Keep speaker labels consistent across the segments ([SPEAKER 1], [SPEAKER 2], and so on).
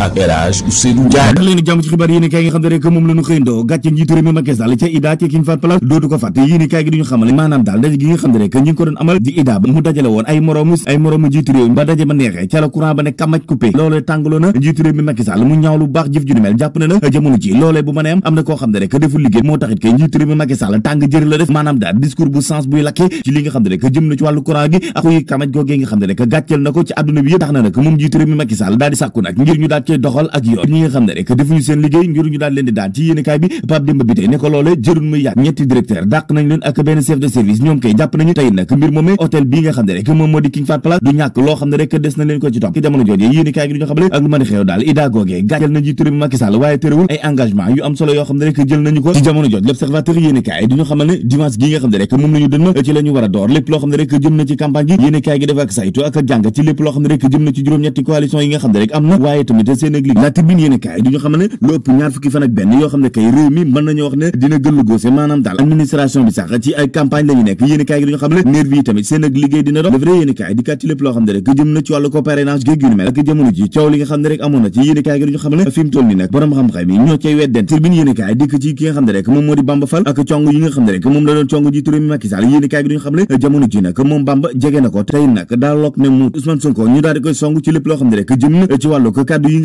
[SPEAKER 1] ak El Hadj Ousseynou Ndiaye da leen jàmm ci xibaar yéen ni kay njiitu xam ne rek moom njiitu réew mi Macky daal di sàkku nag ngir daal wàccee doxal ak yoon nga xam ne rek defuñu seen liggéey ngir ñu daal leen di daan ci yéenekaay bi Pape Demba bi tey ne ko loolee jërun ñetti directeur dàq nañ leen ak benn service ñoom kay jàpp nañu tey na ko ci topp ki jamono jooje nga xam ne rek moom lañu dënmal ci la war a door lépp loo xam ne rek jëm na ci campagne gi yéenekaay gi def ak saytu ak jàng ci lépp loo xam ne rek jëm na ci juróom-ñetti coalition yi nga xam ne rek am na waaye tamit seen ak liggéey la tribune yéen kay di ñu ci lépp ak moom moo di Bamba ak cong yi nga moom la jege na ko tey nag daaloog ne mu Ousmane Sonko ñu daal di koy ci lépp loo xam ne rek jëm na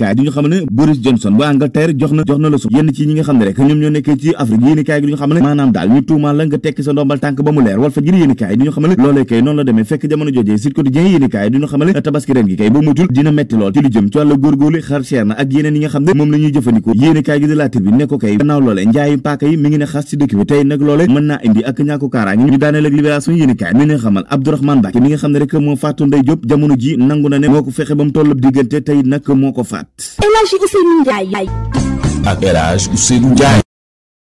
[SPEAKER 1] yéenekaay du ñu xam Boris Johnson bu Angleterre jox na jox na yenn ci ñi nga xam ne rek ñoom ñoo nekkee ci Afrique yéenekaay gi du ñu xam maanaam daal ñu tuumaal la nga tekki sa ndombal tànk ba mu leer Walf Fadjri yéenekaay du ñu xam ne kay du ñu xam tabaski ren gi kay boo mutul dina metti lool ci jëm ci wàllu góorgóorlu xar cher na ak yeneen yi nga xam ne moom la ñuy jëfandikoo yéenekaay kay gannaaw ne xamal Abdourahmane Mbacké mi nga xam ne rek moo Arafat. El Hadj Ousseynou Ndiaye.